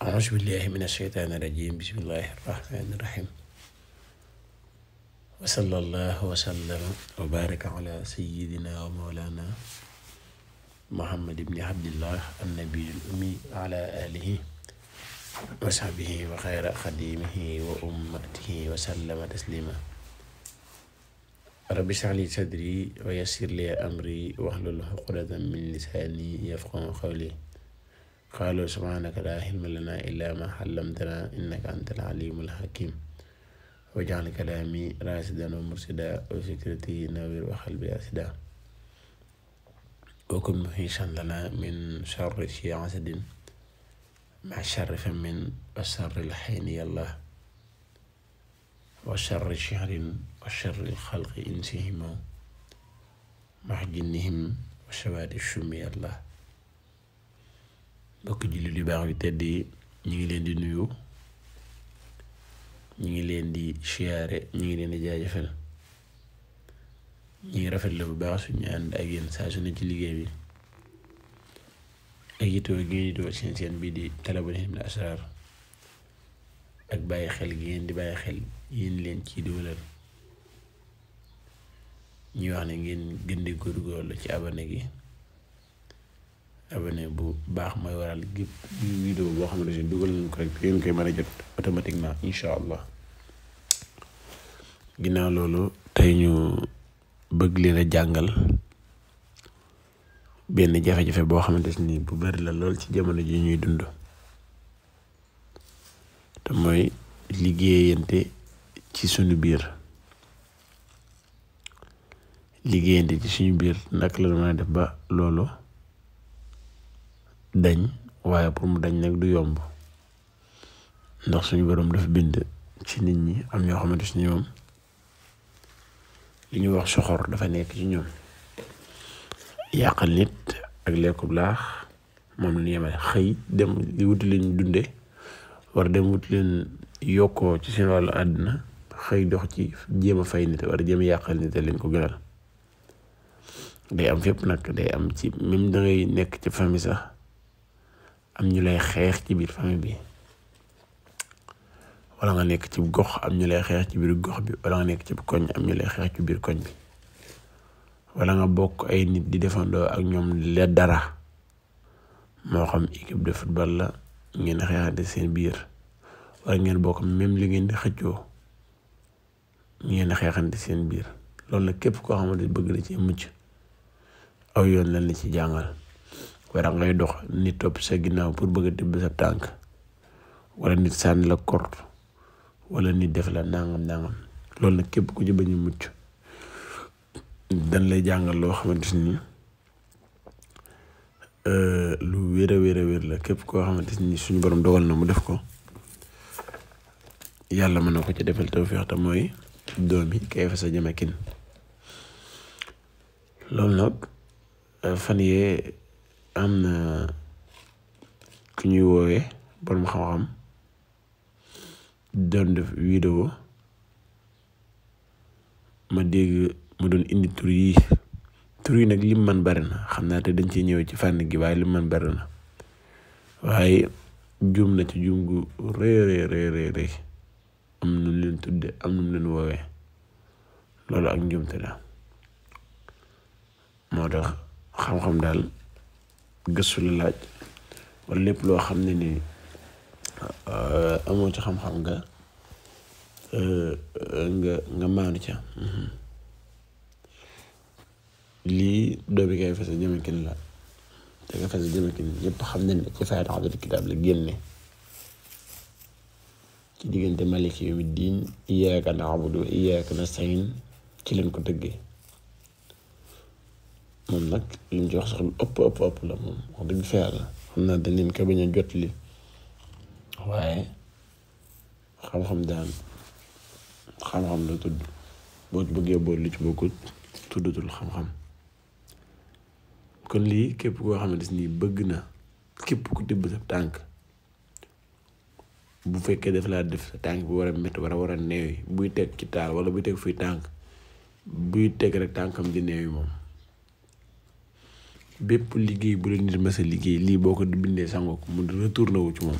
أعوذ بالله من الشيطان الرجيم بسم الله الرحمن الرحيم وصلى الله وسلم وبارك على سيدنا ومولانا محمد بن عبد الله النبي الأمي على آله وصحبه وخير خديمه وأمته وسلم تسليما رب اشرح لي صدري ويسر لي أمري واحلل عقدة من لساني يفقه قولي قالوا سبحانك لا علم لنا إلا ما علمتنا إنك أنت العليم الحكيم واجعل كلامي راشدا ومرشدا وفكرتي نوير وقلبي أسدا وكن محيشا لنا من شر في عسد مع شر فم وشر الحين يا الله وشر الشهر وشر الخلق إنسهم مع جنهم وشواد الشم يا الله mbokk jullit yu baax yu tedd yi ñu ngi leen di nuyu ñu ngi leen di siyaare ñu ngi leen di jaajëfal ñu ngi rafet la bu baax suñu ànd ak yéen saa su ne ci liggéey bi ak yitoo gi ngeen yitoo seen seen bii di Talabul Hilmil Asraar ak bàyyi xel gi ngeen di bàyyi xel yéen leen ciy dugalal ñuy wax ne ngeen gën di góorgóorlu ci abonné gi abonné bu baax mooy waral gépp vidéo boo xamante ne dugal nañ ko rek te koy mën a jot automatiquement incha allah ginnaaw loolu tey ñu bëgg leen a jàngal benn jafe-jafe boo xamante ni bu bari la lool ci jamono ji ñuy dund te mooy liggéeyante ci suñu biir liggéeyante ci suñu biir naka la mën a def ba loolu dañ waaye pour mu dañ nekk du yomb ndax suñu boroom dafa bind ci nit ñi am ñoo xamante suñu moom li ñuy wax soxor dafa nekk ci ñoom yàqal nit ak lekku laax moom la ñu yemale xëy dem di wut leen dunde war dem wut leen yokkoo ci seen wàllu àddina xëy dox ci jéem a fay nit war jéem a yàqal nit leen ko gënal day am fépp nag day am ci même dangay nekk ci famille sax am ñu lay xeex ci biir famille bi wala nga nekk ci gox lay xeex ci biir gox bi wala nga nekk ci koñ am ñu lay xeex ci biir koñ bi wala nga bokk ay nit di defandoo ak ñoom le dara moo xam équipe de football la ngeen xeexante seen biir wala ngeen bokk même li ngeen di xëccoo ngeen xeexante seen biir loolu na képp koo xamante bëgg na ci mucc aw yoon lan la ci jàngal wala ngay dox nit topp sa ginnaaw pour bëgg a tibb sa tànk wala nit sànni la kort wala nit def la nangam nangam loolu nag képp ku ci bañ a mucc dañ lay jàngal loo xamante ni euh, lu wér a la képp koo xamante ni suñu borom dogal na mu def ko yàlla mën na ko ci defal tawfeex te mooy doom yi kay fa sa jëmakin loolu nag fan yee am na ku ñuy woowee borom xam-xam doon def vidéo ma dégg mu doon indi tur yi tur yi nag lim man bari na xam naa te dañ ci ñëwee ci fànn gi waaye lim man bari na waaye jum na ci jum gu rëy rëy rëy am nu leen tudde am nu leen woowee loolu ak njuumte la moo tax xam-xam daal gëstu la laaj wala lépp loo xam ne ni amoo ci xam-xam nga nga nga maanu ca lii doobi kay fase jamakin la te nga fase jamakin ñëpp xam ne ci fayat xadal kitaab la génne ci diggante maliki yawmi diin iyaaka na'budu wa iyaaka nasta'iin ci lañ ko tëggee moom nag liñ ci wax sax ëpp ëpp ëpp la moom wax dëgg fa yàlla xam naa dañ leen ko bañ a jot li waaye xam-xam daan xam-xam la tudd boo bëggee bool li ci bokkut tuddatul xam-xam kon lii képp koo xam ne nii bëgg na képp ku tibb sa tànk bu fekkee daf laa def sa tànk bi war a métti war a war a néew buy teg ci taal wala buy teg fii tànk buy teg rek tànkam di néew yi moom. bépp liggéey bu la nit mës a liggéey lii boo ko bindee sangoo ko mu retourné wu ci moom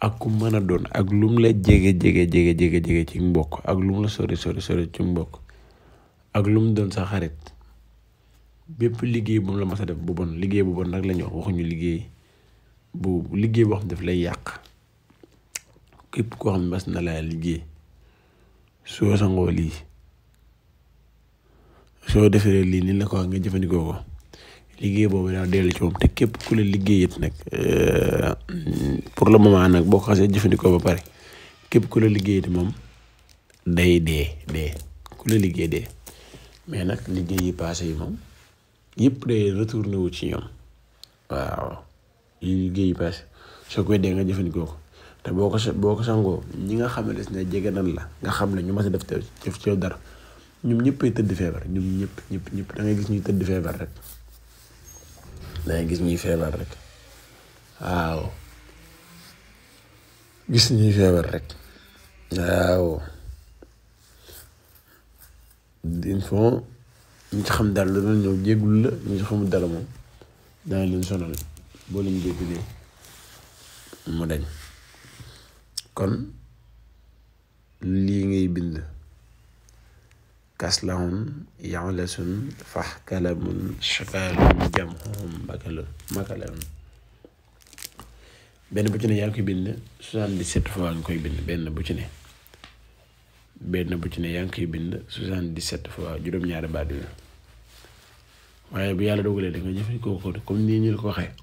ak ku mën a doon ak lum la jege jege jege jege jege ci mbokk ak lum la sori mbokk ak lum doon sa xarit bépp liggéey bu mu la mas a def bu bon liggéey bu bon rek la ñu waxuñu liggéey bu liggéey boo xam daf lay yàq képp koo xam ne na laa liggéey soo sangoo lii. soo defee lii nii la ko wax nga jëfandikoo ko liggéey boobu daal dellu ci moom te képp ku la liggéey it nag euh, pour le moment nag boo ko jëfandikoo ba pare képp ku la liggéey it moom day dee dee ku la liggéey dee mais nag liggéey yi passé yi moom yëpp day retourné wu ci ñoom waaw yi liggéey yi passé soo koy dee nga jëfandikoo ko te boo ko boo ko sangoo ñi nga xam ne des na jege nan la nga xam la ñu mas a def te def dara. ñoom ñëppay tëdd feebar ñoom ñëpp ñëpp ñëpp da gis ñuy tëdd feebar rek da gis ñuy feebar rek waaw gis ñuy feebar rek waaw il ñu ci xam dara dana ñëw jéggul la ñu ci xamul dara moom dana leen sonal boo leen jéggulee mu dañ kon lii ngay bind kaslahun yalasun fahkalamun shakaalun jamhum makalun makalun benn bu ci ne yaa ngi koy bind 77 fois nga koy bind benn bu ne benn bu ne yaa ngi koy bind 77 fois juróom-ñaari baat bi waaye bu yàlla dogalee da nga jëfandikoo ko comme nii ñu la ko waxee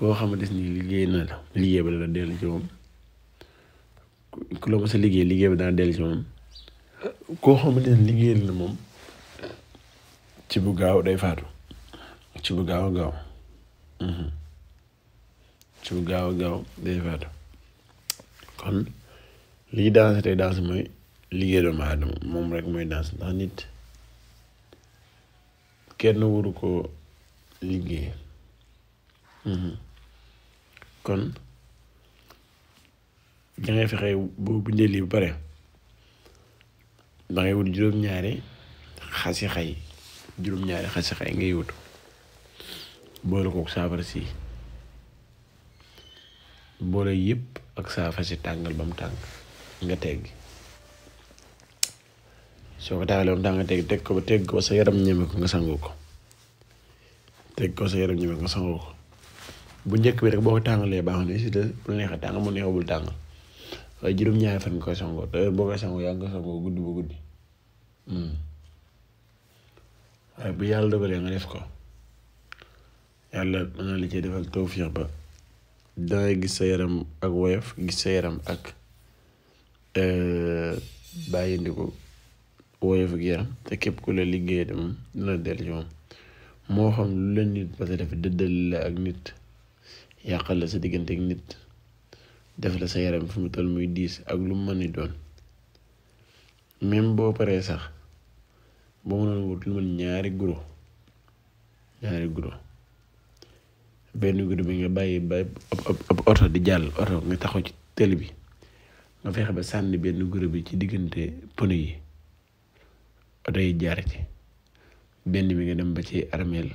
koo xamante ni liggéey na la liggéey ba dana dellu ci ku la mos a liggéey liggéey bi dana dellu ci koo xamante ne liggéey na moom ci bu gaaw day faatu ci bu gaaw a gaaw mhm. ci bu gaaw a gaaw day faatu kon lii danse tey danse mooy liggéey doomu aadama moom rek mooy danse ndax nit kenn waru ko liggéey mhm. kon da ngay fexe boo bindee lii ba pare da ngay wut juróom-ñaari xasixa yi juróom-ñaari xasixa yi ngay wut boole kook saafara si boole yëpp ak saafara si tàngal ba mu tàng nga tegg soo ko tàngalee ba tàng nga tegg teg ko ba teg ko sa yaram ñeme ko nga sangu ko teg ko sa yaram ñeme ko nga sangu ko bu njëkk bi rek boo ko tàngalee baax na si de bu neexee tàng mu neexee bul tàngal waaye juróom-ñaari fan nga koy sangoo te boo koy sangoo yaa ngi koy sangoo guddi ba guddi hmm. waaye bu yàlla dogalee nga def ko yàlla dangay gis sa yaram ak woyof gis sa yaram ak euh, bàyyindiku woyof ak yaram te képp ku la liggéeyee de moom dina dellu moom moo xam lu la nit parce dafa dëddal la ak nit yàqal la sa diggante ak nit def la sa yaram fu mu toll muy diis ak lu mu mën ni doon même boo paree sax boo mënoon wut lu mën ñaari guro ñaari guro benn guro bi nga bàyyi ba ab oto di jàll oto nga taxaw ci télé bi nga feex ba sànni benn guro bi ci diggante pono yi oto yi jaar ci benn bi nga dem ba ci armeel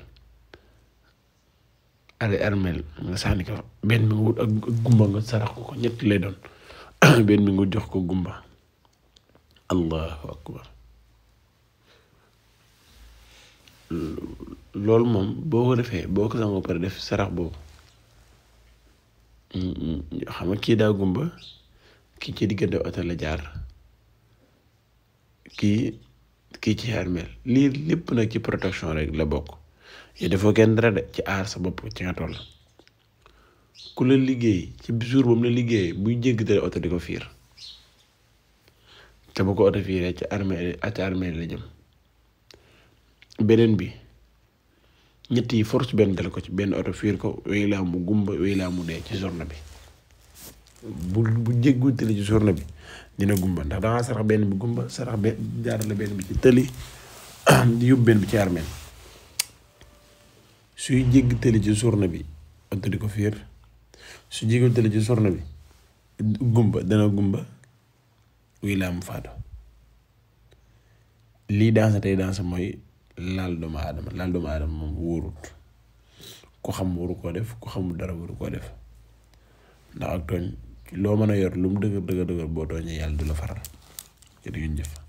ari armeel nga sànni ko benn bi nga wut ak gumba nga sarax ko ko ñett lay doon benn bi nga jox ko gumba allahu akbar loolu moom boo ko defee boo ko sangoo pare def sarax boobu mm, mm, xam nga kii daa gumba kii ci diggante oto la jaar kii kii ci armeel lii lépp nag ci protection rek la bokk yow defoo kenn dara de ci aar sa bopp ci nga toll ku la liggéey ci jour ba liggéey buy jéggi oto di ko fiir te bu ko oto ci armée la jëm beneen bi ñett yi benn dal ko ci benn oto fiir ko wéy laa mu gumba wéy laa mu dee ci journée bi bu bu jéggu tëli ci journée bi dina gumba ndax dangaa sarax benn bi gumba sarax benn bi ci tëli yóbbu benn bi ci armée suy jéggi tëli ci journée bi oto di ko fiir su jéggi tëli ci journée bi gumba dana gumba wii laa mu faatu lii dansa tey dansa mooy laal doomu aadama laal doomu aadama moom wóorut ku xam waru koo def ku xamul dara waru koo def ndax ak tooñ loo mën a yor lu mu dëgër dëgër dëgër boo tooñee yàlla du la faral jërë ngeen jëf